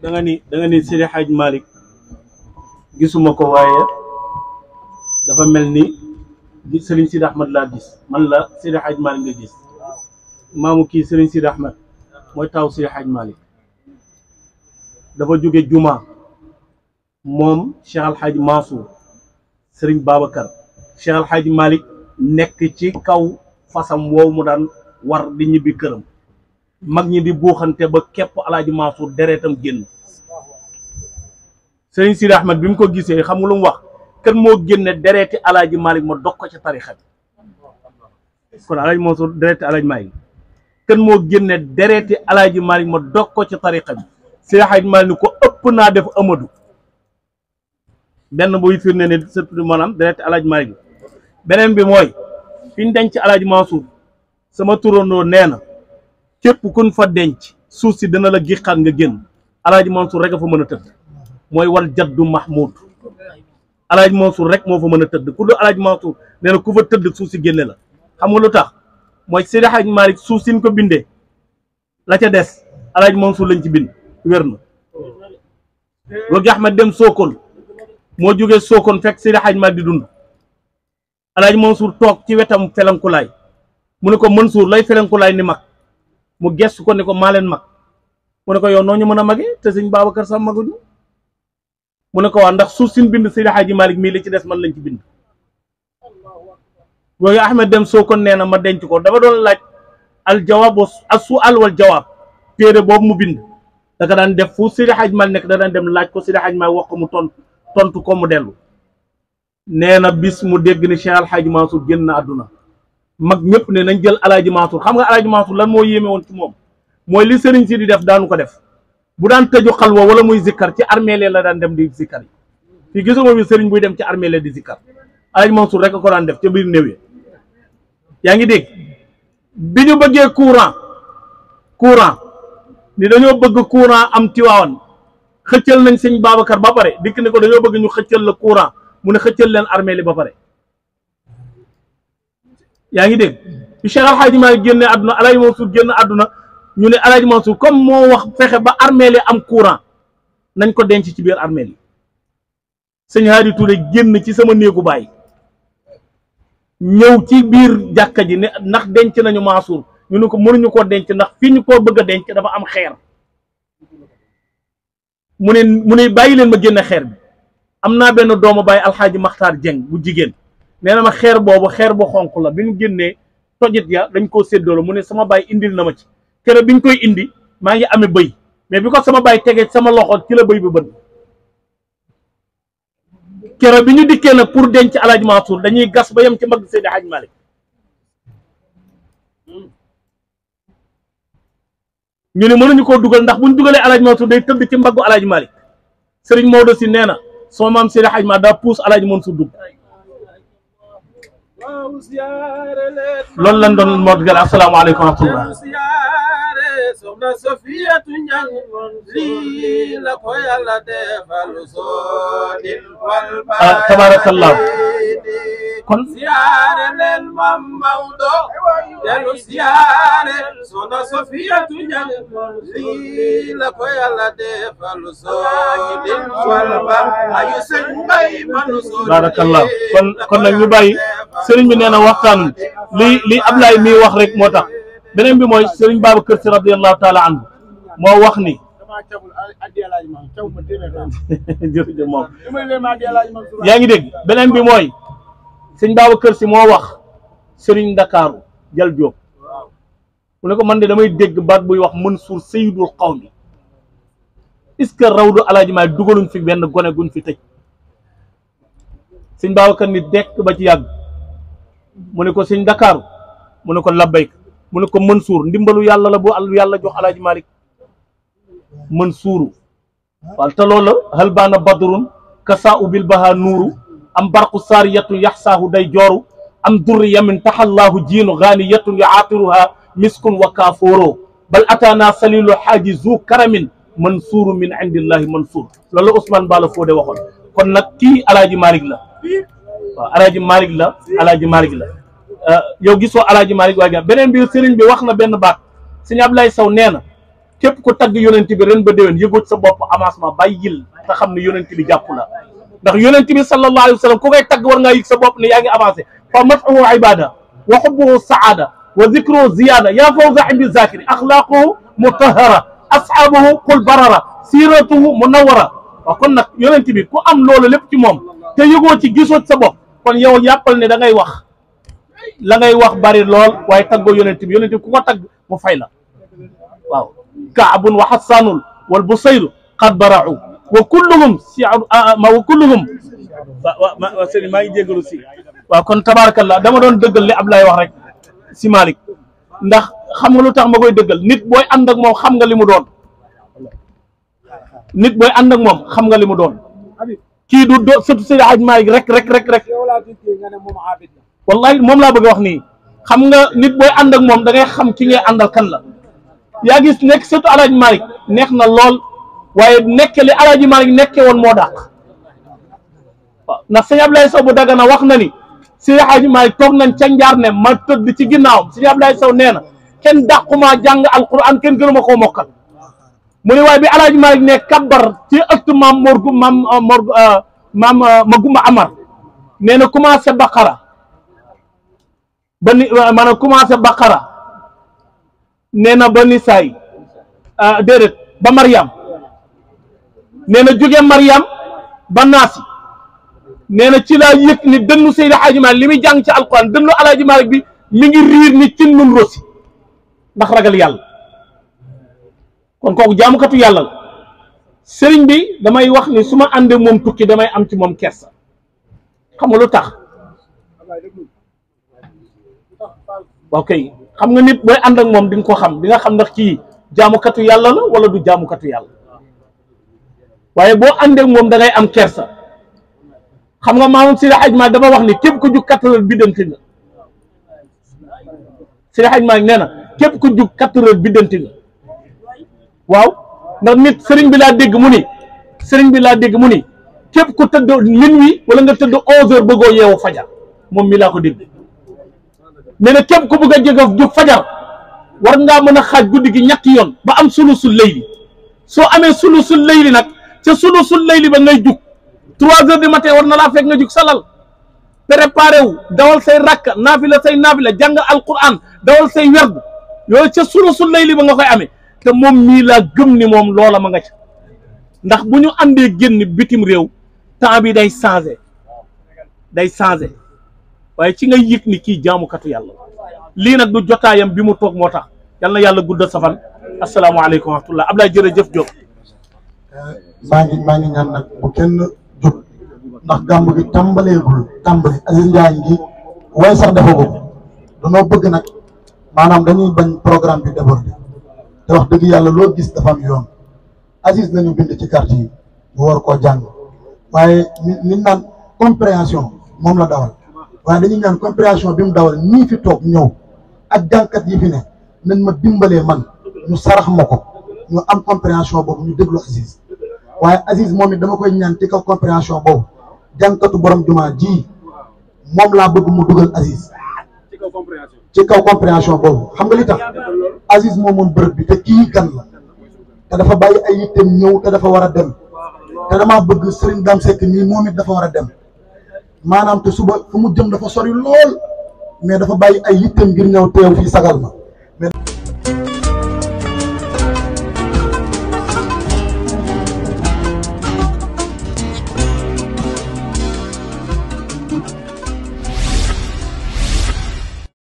da nga ni da nga ni Seydi gisuma ko waaye dafa mel ni Serigne Sidi Ahmed laa gis man la Seydi Hadj Malick nga gis maamu kii Serigne Sidi Ahmed mooy taw Seydi Hadj Malick dafa jóge juma moom Cheikh Al Hadj Mansour Serigne Babacar Cheikh Al nekk ci kaw fasam woow mu daan war di ñibbi këram. mag ñi di buuxante ba képp alaaji Mansour deretam génn sëriñ Sidi mag bi mu ko gisee xam nga lu mu wax kan moo génne dereeti alaaji Malick ma dog ko ca tarixa bi kon alaaji Mansour dereeti alaaji moo génne dereeti alaaji ma dog ko ca tarixa bi Sidi Ahmed ko ëpp naa def amadu benn buy firnde ne surtout maanaam dereeti alaaji Malick beneen bi mooy fi ñu denc alaaji Mansour sama turandoo nee na képp kun fa denc suuf si dana la gixaat nga génn alaaji Mansour rek a fa mën a tëdd mooy wal jaddu Mahmoud alaaji Mansour rek moo fa mën a tëdd ku dul alaaji Mansour ku fa tëdd suuf si génne la xam nga lu tax mooy Seydi Hadji Malick suuf si ñu ko bindee la ca des alaaji Mansour lañ ci bind wér na wagi dem Sokone moo jógee Sokone fekk Seydi Hadji di dund alaaji Mansour toog ci wetam felankulaay mu ne ko Mansour lay felankulaay ni mag mu gestu ko ne ko maa leen mag mu ne ko yow noo ñu mën a mage te sëñ Babacar Sam maguñu mu ne ko waa ndax suuf sin bind Seydi Hadji Malick mii li ci des man lañ ci bind yooyu Ahmed Dem soo ko nee na ma denc ko dama doon laaj aljawaab asu al wal jawaab téere boobu mu bind daka daan def fu Seydi Hadji Malick nekk da dem laaj ko Seydi Hadji Malick wax ko mu tontu tontu ko mu dellu nee na bis mu dégg ni Cheikh Al Hadji Mansour génn na àdduna mag ñëpp ne nañ jël alaaji Mansour xam nga alaaji Mansour lan moo yéeme woon moom mooy li sëriñ si di def daanu ko def bu daan tëju xalwa wala muy zikkar ci armeel la daan dem di zikkar yi fii gisuma bi sëriñ buy dem ci armeel di zikkar alaaji rek a ko daan def ca biir néew yi yaa ngi dégg bi ñu bëggee courant courant ni dañoo bëgg courant am Tiwaawan xëccal nañ sëñ Babacar ba pare dikk ne ko dañoo bëgg ñu xëccal la courant mu ne xëccal leen armeel ba pare yaa ngi dégg bi Cheikh Al génne àdduna El Hadj Mansour génn àdduna ñu ne El Hadj Mansour moo wax fexe ba armeel am courant nañ ko denc ci biir armeel yi sëñ Hadi Touré génn ci sama néegu baay ñëw ci biir jàkka ji ne ndax denc nañu Mansour ñu ne ko mënuñu koo denc ndax fii ñu koo bëgg a denc dafa am xeer mu ne mu ne bàyyi leen ma génne xeer bi am naa benn doomu baay alxaaji Hadj Makhtar Dieng jigéen. nee ma xeer bobu xeer bu xonku la biñu genné tojit ya dañ ko séddoo ne sama bay indil na ma ci kéro biñ koy indi ma ngi amé bëy mais biko sama bayi tégué sama loxo ci la bëy bu bën kéro biñu ñu dikkee pour denc Alaaji Mansour dañuy gas ba yam ci mag Seydi Hadj malik ñu ne mënuñu ko dugal ndax buñ duggalé Alaaji Mansour day tëdd ci mbagu Alaaji malik Serigne modou ci nee so mam Seydi Hadj ma da pousse Alaaji Mansour dugg loolu lañ doon moo gën asalaamaaleykum wa rahmatullah soxna sofiyatu ñang lii la ko la ko yàlla defal ah, baay ayu kon kon nag serigne bi neena waxtan li li ablay mi wax rek moo tax beneen bi mooy sëriñ Babacar Sy radiyallahu taala an mo wax ni ya ngi deg benen bi moy serigne babu keur ci mo wax serigne dakar Jal Joob mu ne ko man de damay deg bat buy wax Mansour sayyidul qawm est rawdu alaaji maay dugulun fi ben gone guñ fi tej tëj sëñ Babacar ni dekk ba ci yag mu ne ko sëñ Dakaaru mu ne ko labbayk mu ne ko Mansuur ndimbalu yàlla la bu yàlla jox alaaji Malick Mansuuru waaw te loola hal baana badrun kasaa ubil baha nuuru am barqu saariyatu yaxsaahu day jooru am durri yamin taxallaahu jiinu gaaniyatun yucaatiruha miskun wa kaafooro bal ataana salilu xaaji zu karamin mansuuru min indillahi mansuur loolu Ousmane Bala Fodé waxoon kon nag kii alaaji Malick la waaw alaaji Malick la alaaji Malick la yow gisoo alaaji Malick waaye beneen bi sëriñ bi wax na benn baat sëñ Ablaye Sow nee na képp ku tagg yonent bi ren ba déwén yëgoot sa bopp avancement bàyyil te xam ne yonent bi jàpp la ndax yonent bi sallallahu alayhi wa ku koy tagg war ngaa yëg sa bopp ne yaa ngi fa matxuhu ibada wa xubbuhu saada wa zikruhu ziyada yaa fawza indi zakiri axlaaquhu mutahara ashaabuhu qul barara siiratuhu munawara waaw kon nag yonent bi ku am loolu lépp ci moom te yëgoo ci gisoo sa bopp kon yow yàppal ne da ngay wax la ngay wax bari lol way taggo yonent bi yonent tag mu fay la waaw kaabun wa hasanul wal busayr qad barau wa kulluhum si ma wa kulluhum wa sëñ maa ngi jégalu si wa kon tabarakallah dama don dëggal li ablay wax rek si malik ndax xam nga lutax tax ma koy dëggal nit boy ànd ak mom xam nga limu don nit boy ànd ak mom xam nga limu don kii du doo sëtu Seydi Hadj Malick rek rek rek rek wallahi moom laa bëgg wax nii xam nga nit booy ànd ak moom dangay xam ki ngay àndal kan la yaa gis nekk sëtu El Hadj Malick neex na lool waaye nekk li El Hadj Malick nekke woon moo daq waaw ndax sëñ Ablaye Sow bu na wax na ni Seydi Hadj Malick toog nañ ca njaar ne ma tëdd ci ginnaawam sëñ Ablaye Sow nee na kenn dàqu maa jàng alquran kenn gënu ma koo mokkal mu ne bi alaaj Malik ne kabar ci ëtt mam morgu mam morgu mam maguma amar neena commencé bakara ban uh, man commencé bakara neena na ba nisaay uh, déedéet ba maryam neena na maryam mariam ba naasi nee ci la yek ni deñu Seydi Hadji malik limi jang ci alquran deñu alaaj Malik bi mi ngi rir ni ci num rosi ndax ragal yalla kon koku jamu katu yalla serigne bi damay wax ni suma ande mom tukki damay am ci mom kersa xam nga lu tax ok xam nga nit boy ànd ak moom ko xam di nga xam ndax ci katu yalla la wala du jamu katu yalla waye bo ande mom da am kersa xam nga maamam sirah ajma dama wax ni kep ku juk katal heures biddanti nga Sidi Hadj ndax nit sëriñ bi laa dégg mu ni sëriñ bi laa dégg mu ni képp ku tëdd minuit wala nga tëdd onze heures bëggoo yeewu fajar moom mi laa ko dégg nee na képp ku bëgg a jege ju fajar war ngaa mën a xaaj guddi gi ñetti yoon ba am sulusul layli soo amee sulusul layli nag ca sulusul layli ba ngay jug trois heures du matin war na laa fekk nga jug salal préparé wu dawal say rakka naafila say naafila jàng alquran dawal say werd yooyu ca sulusul layli ba nga koy amee te moom mii laa gëm ni moom loola ma nga ndax bu ñu àndee génn bitim réew temps bi day changé day changé waaye ci nga yëg ni kii jaamukatu yàlla lii nag du jotaayam bi mu toog moo tax yal na yàlla guddal sa fan asalaamaaleykum wa a Abdoulaye jërëjëf Diop. Eh, maa ngi maa ngi ñaan nag bu kenn jóg ndax gàmb gi tàmbaleegul tàmbali Aziz Ndiaye ngi waaye sax dafa ko danoo bëgg nag maanaam dañuy bañ programme bi déborder. te dëgg yàlla loo gis dafa am yoon Aziz nañu bind ci carte yi mu war koo jàng waaye ni naan compréhension moom la dawal waaye dañuy ñaan compréhension bi mu dawal ñii fi toog ñëw ak jàngkat yi fi ne nañ ma dimbalee man ñu sarax ma ko ñu am compréhension boobu ñu déglu Aziz waaye Aziz moom it dama koy ñaan ci kaw compréhension boobu jàngkatu borom jumaa ji moom laa bëgg mu dugal Aziz ci kaw compréhension boobu xam nga li tax Aziz moo moom bërëb bi te kii gan la te dafa bàyyi ay yitteem ñëw te dafa war a dem te damaa bëgg Serigne Dame Seck nii moom it dafa war a dem maanaam te suba fu mu jëm dafa sori lool mais dafa bàyyi ay yitteem ngir ñëw teew fii sagal ma